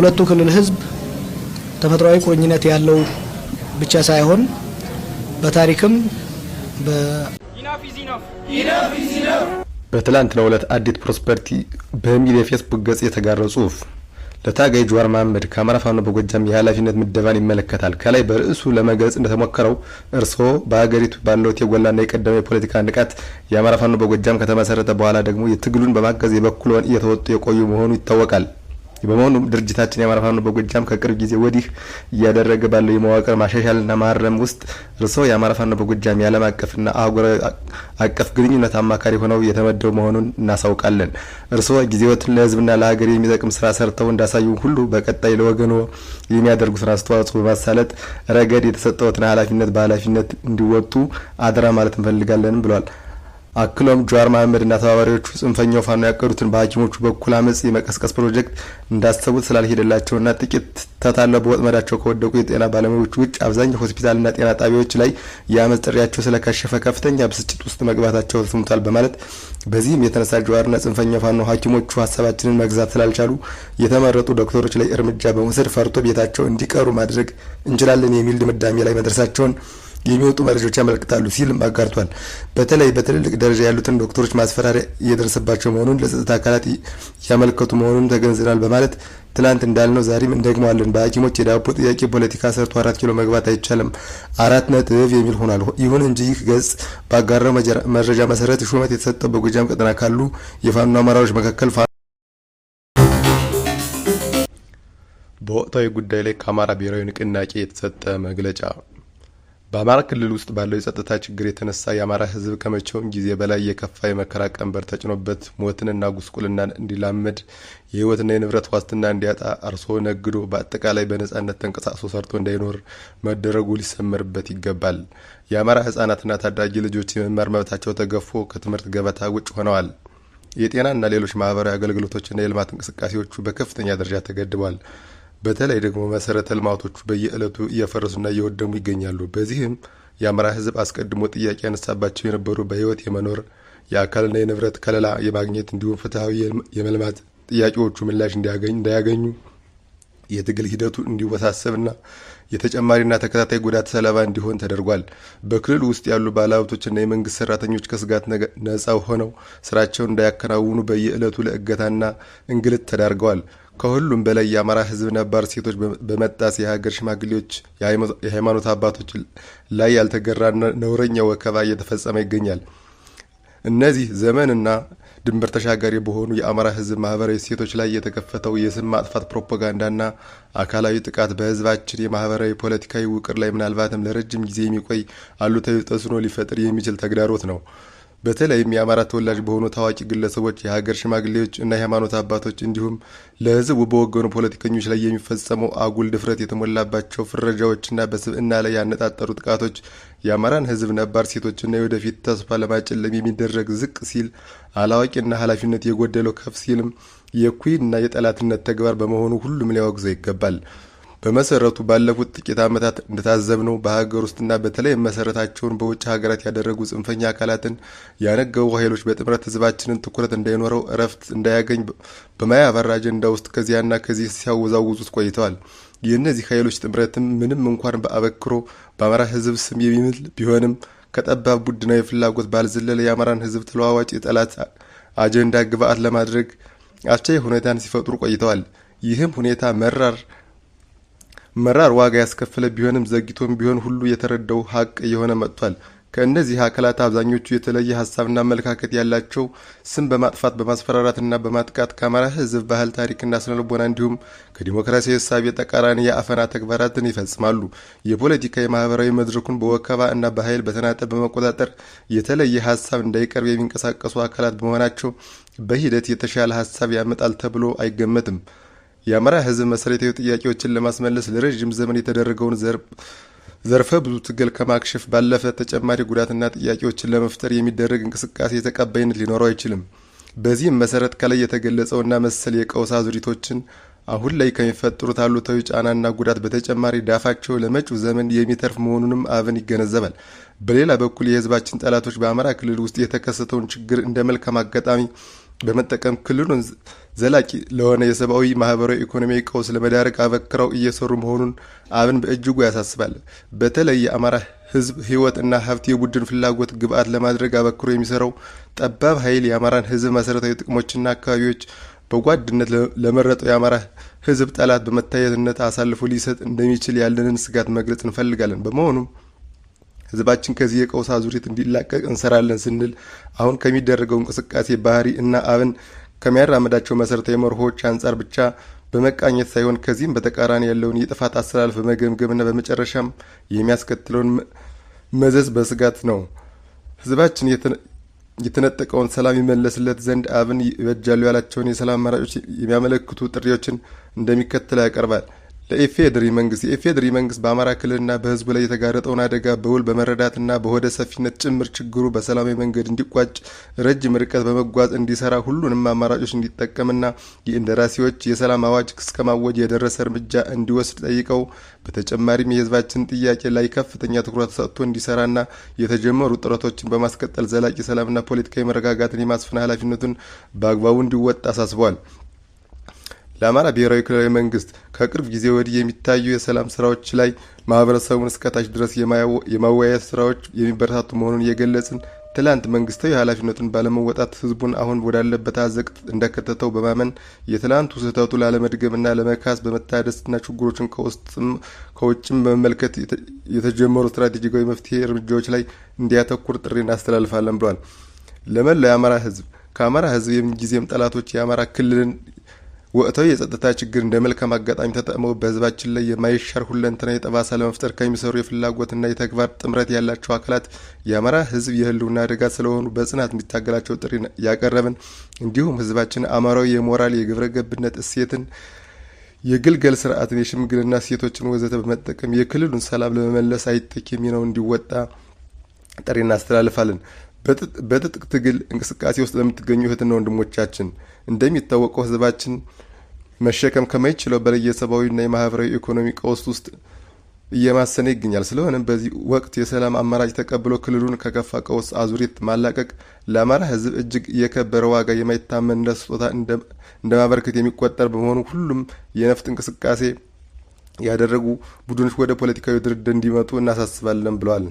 ሁለቱ ክልል ህዝብ ተፈጥሯዊ ቁርኝነት ያለው ብቻ ሳይሆን በታሪክም በትላንትናው ዕለት አዲት ፕሮስፐርቲ በሚል የፌስቡክ ገጽ የተጋረው ጽሁፍ ለታጋይ ጀዋር መሐመድ ከአማራ ፋኖ በጎጃም የኃላፊነት ምደባን ይመለከታል። ከላይ በርዕሱ ለመግለጽ እንደተሞከረው እርስዎ በሀገሪቱ ባለዎት የጎላና የቀደመ የፖለቲካ ንቃት የአማራ ፋኖ በጎጃም ከተመሰረተ በኋላ ደግሞ የትግሉን በማገዝ የበኩልዎን እየተወጡ የቆዩ መሆኑ ይታወቃል። በመሆኑም ድርጅታችን የአማራ ፋኖ በጎጃም ከቅርብ ጊዜ ወዲህ እያደረገ ባለው የመዋቅር ማሻሻልና ማረም ውስጥ እርስዎ የአማራ ፋኖ በጎጃም የዓለም አቀፍና አህጉር አቀፍ ግንኙነት አማካሪ ሆነው የተመደቡ መሆኑን እናሳውቃለን። እርስዎ ጊዜዎትን ለህዝብና ለሀገር የሚጠቅም ስራ ሰርተው እንዳሳዩ ሁሉ በቀጣይ ለወገኖ የሚያደርጉትን አስተዋጽኦ በማሳለጥ ረገድ የተሰጠውትን ኃላፊነት በኃላፊነት እንዲወጡ አደራ ማለት እንፈልጋለንም ብሏል። አክሎም ጀዋር መሐመድና ተባባሪዎቹ ጽንፈኛው ፋኖ ያቀዱትን በሀኪሞቹ በኩል አመፅ የመቀስቀስ ፕሮጀክት እንዳሰቡት ስላልሄደላቸውና ጥቂት ተታለው በወጥመዳቸው ከወደቁ የጤና ባለሙያዎች ውጭ አብዛኛው ሆስፒታልና ጤና ጣቢያዎች ላይ የአመፅ ጥሪያቸው ስለከሸፈ ከፍተኛ ብስጭት ውስጥ መግባታቸው ተሰምቷል በማለት በዚህም የተነሳ ጀዋርና ጽንፈኛው ፋኖ ሀኪሞቹ ሀሳባችንን መግዛት ስላልቻሉ የተመረጡ ዶክተሮች ላይ እርምጃ በመውሰድ ፈርቶ ቤታቸው እንዲቀሩ ማድረግ እንችላለን የሚል ድምዳሜ ላይ መድረሳቸውን የሚወጡ መረጃዎች ያመለክታሉ ሲልም አጋርቷል። በተለይ በትልልቅ ደረጃ ያሉትን ዶክተሮች ማስፈራሪያ እየደረሰባቸው መሆኑን ለጸጥታ አካላት እያመለከቱ መሆኑን ተገንዝናል በማለት ትናንት እንዳልነው ዛሬም እንደግመዋለን። በሐኪሞች የዳቦ ጥያቄ ፖለቲካ ሰርቶ አራት ኪሎ መግባት አይቻልም አራት ነጥብ የሚል ሆኗል። ይሁን እንጂ ይህ ገጽ ባጋራው መረጃ መሰረት ሹመት የተሰጠው በጎጃም ቀጠና ካሉ የፋኖ አመራሮች መካከል በወቅታዊ ጉዳይ ላይ ከአማራ ብሔራዊ ንቅናቄ የተሰጠ መግለጫ በአማራ ክልል ውስጥ ባለው የጸጥታ ችግር የተነሳ የአማራ ሕዝብ ከመቼውም ጊዜ በላይ የከፋ የመከራ ቀንበር ተጭኖበት ሞትንና ጉስቁልናን እንዲላመድ የሕይወትና የንብረት ዋስትና እንዲያጣ አርሶ ነግዶ በአጠቃላይ በነጻነት ተንቀሳቅሶ ሰርቶ እንዳይኖር መደረጉ ሊሰመርበት ይገባል። የአማራ ሕጻናትና ታዳጊ ልጆች የመማር መብታቸው ተገፎ ከትምህርት ገበታ ውጭ ሆነዋል። የጤናና ሌሎች ማህበራዊ አገልግሎቶችና የልማት እንቅስቃሴዎቹ በከፍተኛ ደረጃ ተገድቧል። በተለይ ደግሞ መሰረተ ልማቶቹ በየዕለቱ እየፈረሱና እየወደሙ ይገኛሉ። በዚህም የአማራ ህዝብ አስቀድሞ ጥያቄ ያነሳባቸው የነበሩ በህይወት የመኖር የአካልና የንብረት ከለላ የማግኘት እንዲሁም ፍትሐዊ የመልማት ጥያቄዎቹ ምላሽ እንዳያገኙ የትግል ሂደቱ እንዲወሳሰብና የተጨማሪና ተከታታይ ጉዳት ሰለባ እንዲሆን ተደርጓል። በክልል ውስጥ ያሉ ባለሀብቶችና የመንግስት ሰራተኞች ከስጋት ነጻ ሆነው ስራቸውን እንዳያከናውኑ በየዕለቱ ለእገታና እንግልት ተዳርገዋል። ከሁሉም በላይ የአማራ ህዝብ ነባር ሴቶች በመጣስ የሀገር ሽማግሌዎች፣ የሃይማኖት አባቶች ላይ ያልተገራ ነውረኛ ወከባ እየተፈጸመ ይገኛል። እነዚህ ዘመንና ድንበር ተሻጋሪ በሆኑ የአማራ ህዝብ ማህበራዊ ሴቶች ላይ የተከፈተው የስም ማጥፋት ፕሮፓጋንዳና አካላዊ ጥቃት በህዝባችን የማህበራዊ ፖለቲካዊ ውቅር ላይ ምናልባትም ለረጅም ጊዜ የሚቆይ አሉታዊ ተጽዕኖ ሊፈጥር የሚችል ተግዳሮት ነው። በተለይም የአማራ ተወላጅ በሆኑ ታዋቂ ግለሰቦች፣ የሀገር ሽማግሌዎች እና የሃይማኖት አባቶች እንዲሁም ለህዝቡ በወገኑ ፖለቲከኞች ላይ የሚፈጸሙ አጉል ድፍረት የተሞላባቸው ፍረጃዎችና በስብዕና ላይ ያነጣጠሩ ጥቃቶች የአማራን ህዝብ ነባር ሴቶችና የወደፊት ተስፋ ለማጨለም የሚደረግ ዝቅ ሲል አላዋቂና ኃላፊነት የጎደለው ከፍ ሲልም የኩይና የጠላትነት ተግባር በመሆኑ ሁሉም ሊያወግዘው ይገባል። በመሰረቱ ባለፉት ጥቂት ዓመታት እንደታዘብነው በሀገር ውስጥና በተለይ መሰረታቸውን በውጭ ሀገራት ያደረጉ ጽንፈኛ አካላትን ያነገቡ ኃይሎች በጥምረት ህዝባችንን ትኩረት እንዳይኖረው እረፍት እንዳያገኝ በማያባራ አጀንዳ ውስጥ ከዚያና ከዚህ ሲያወዛውዙት ቆይተዋል። የእነዚህ ኃይሎች ጥምረትም ምንም እንኳን በአበክሮ በአማራ ህዝብ ስም የሚምል ቢሆንም ከጠባብ ቡድናዊ ፍላጎት ባልዘለለ የአማራን ህዝብ ተለዋዋጭ የጠላት አጀንዳ ግብአት ለማድረግ አስቻይ ሁኔታን ሲፈጥሩ ቆይተዋል። ይህም ሁኔታ መራር መራር ዋጋ ያስከፈለ ቢሆንም ዘግይቶም ቢሆን ሁሉ የተረዳው ሀቅ እየሆነ መጥቷል። ከእነዚህ አካላት አብዛኞቹ የተለየ ሀሳብና አመለካከት ያላቸው ስም በማጥፋት በማስፈራራትና በማጥቃት ከአማራ ሕዝብ ባህል፣ ታሪክና ስነልቦና እንዲሁም ከዲሞክራሲያዊ እሳቤ የጠቃራን የአፈና ተግባራትን ይፈጽማሉ። የፖለቲካ የማህበራዊ መድረኩን በወከባ እና በኃይል በተናጠል በመቆጣጠር የተለየ ሀሳብ እንዳይቀርብ የሚንቀሳቀሱ አካላት በመሆናቸው በሂደት የተሻለ ሀሳብ ያመጣል ተብሎ አይገመትም። የአማራ ህዝብ መሰረታዊ ጥያቄዎችን ለማስመለስ ለረዥም ዘመን የተደረገውን ዘርፈ ብዙ ትግል ከማክሸፍ ባለፈ ተጨማሪ ጉዳትና ጥያቄዎችን ለመፍጠር የሚደረግ እንቅስቃሴ ተቀባይነት ሊኖረው አይችልም። በዚህም መሰረት ከላይ የተገለጸውና መሰል የቀውስ አዙሪቶችን አሁን ላይ ከሚፈጥሩት አሉታዊ ጫናና ጉዳት በተጨማሪ ዳፋቸው ለመጪው ዘመን የሚተርፍ መሆኑንም አብን ይገነዘባል። በሌላ በኩል የህዝባችን ጠላቶች በአማራ ክልል ውስጥ የተከሰተውን ችግር እንደ መልካም አጋጣሚ በመጠቀም ክልሉን ዘላቂ ለሆነ የሰብአዊ ማህበራዊ፣ ኢኮኖሚያዊ ቀውስ ለመዳረግ አበክረው እየሰሩ መሆኑን አብን በእጅጉ ያሳስባል። በተለይ የአማራ ህዝብ ህይወት እና ሀብት የቡድን ፍላጎት ግብአት ለማድረግ አበክሮ የሚሰራው ጠባብ ኃይል የአማራን ህዝብ መሰረታዊ ጥቅሞችና አካባቢዎች በጓድነት ለመረጠው የአማራ ህዝብ ጠላት በመታየትነት አሳልፎ ሊሰጥ እንደሚችል ያለንን ስጋት መግለጽ እንፈልጋለን። በመሆኑም ህዝባችን ከዚህ የቀውስ አዙሪት እንዲላቀቅ እንሰራለን ስንል አሁን ከሚደረገው እንቅስቃሴ ባህሪ እና አብን ከሚያራምዳቸው መሰረታዊ መርሆች አንጻር ብቻ በመቃኘት ሳይሆን ከዚህም በተቃራኒ ያለውን የጥፋት አሰላለፍ በመገምገምና በመጨረሻም የሚያስከትለውን መዘዝ በስጋት ነው። ህዝባችን የተነጠቀውን ሰላም ይመለስለት ዘንድ አብን ይበጃሉ ያላቸውን የሰላም አማራጮች የሚያመለክቱ ጥሪዎችን እንደሚከተለው ያቀርባል። ለኢፌዴሪ መንግስት የኢፌዴሪ መንግስት በአማራ ክልልና በህዝቡ ላይ የተጋረጠውን አደጋ በውል በመረዳትና በሆደ ሰፊነት ጭምር ችግሩ በሰላማዊ መንገድ እንዲቋጭ ረጅም ርቀት በመጓዝ እንዲሰራ ሁሉንም አማራጮች እንዲጠቀምና የእንደራሴዎች የሰላም አዋጅ እስከማወጅ የደረሰ እርምጃ እንዲወስድ ጠይቀው በተጨማሪም የህዝባችን ጥያቄ ላይ ከፍተኛ ትኩረት ሰጥቶ እንዲሰራና የተጀመሩ ጥረቶችን በማስቀጠል ዘላቂ ሰላምና ፖለቲካዊ መረጋጋትን የማስፈን ኃላፊነቱን በአግባቡ እንዲወጣ አሳስበዋል። ለአማራ ብሔራዊ ክልላዊ መንግስት ከቅርብ ጊዜ ወዲህ የሚታዩ የሰላም ስራዎች ላይ ማህበረሰቡን እስከታች ድረስ የማወያየት ስራዎች የሚበረታቱ መሆኑን የገለጽን ትላንት መንግስታዊ ኃላፊነቱን ባለመወጣት ህዝቡን አሁን ወዳለበት አዘቅት እንደከተተው በማመን የትላንቱ ስህተቱ ላለመድገምና ለመካስ በመታደስና ችግሮችን ከውስጥም ከውጭም በመመልከት የተጀመሩ ስትራቴጂካዊ መፍትሄ እርምጃዎች ላይ እንዲያተኩር ጥሪ እናስተላልፋለን ብሏል። ለመላው የአማራ ህዝብ ከአማራ ህዝብ የምንጊዜም ጠላቶች የአማራ ክልልን ወቅታዊ የጸጥታ ችግር እንደ መልካም አጋጣሚ ተጠቅመው በህዝባችን ላይ የማይሻር ሁለንተና የጠባሳ ለመፍጠር ከሚሰሩ የፍላጎትና የተግባር ጥምረት ያላቸው አካላት የአማራ ህዝብ የህልውና አደጋ ስለሆኑ በጽናት እንዲታገላቸው ጥሪ ያቀረብን፣ እንዲሁም ህዝባችን አማራዊ የሞራል የግብረ ገብነት እሴትን የግልገል ስርዓትን የሽምግልና እሴቶችን ወዘተ በመጠቀም የክልሉን ሰላም ለመመለስ አይተኪ ሚናውን እንዲወጣ ጥሪ እናስተላልፋለን። በትጥቅ ትግል እንቅስቃሴ ውስጥ ለምትገኙ እህትና ወንድሞቻችን እንደሚታወቀው ህዝባችን መሸከም ከማይችለው በላይ የሰብአዊና የማህበራዊ ኢኮኖሚ ቀውስ ውስጥ እየማሰነ ይገኛል። ስለሆነም በዚህ ወቅት የሰላም አማራጭ ተቀብሎ ክልሉን ከከፋ ቀውስ አዙሪት ማላቀቅ ለአማራ ህዝብ እጅግ የከበረ ዋጋ የማይታመን ስጦታ እንደ ማበረከት የሚቆጠር በመሆኑ ሁሉም የነፍጥ እንቅስቃሴ ያደረጉ ቡድኖች ወደ ፖለቲካዊ ድርድር እንዲመጡ እናሳስባለን ብለዋል።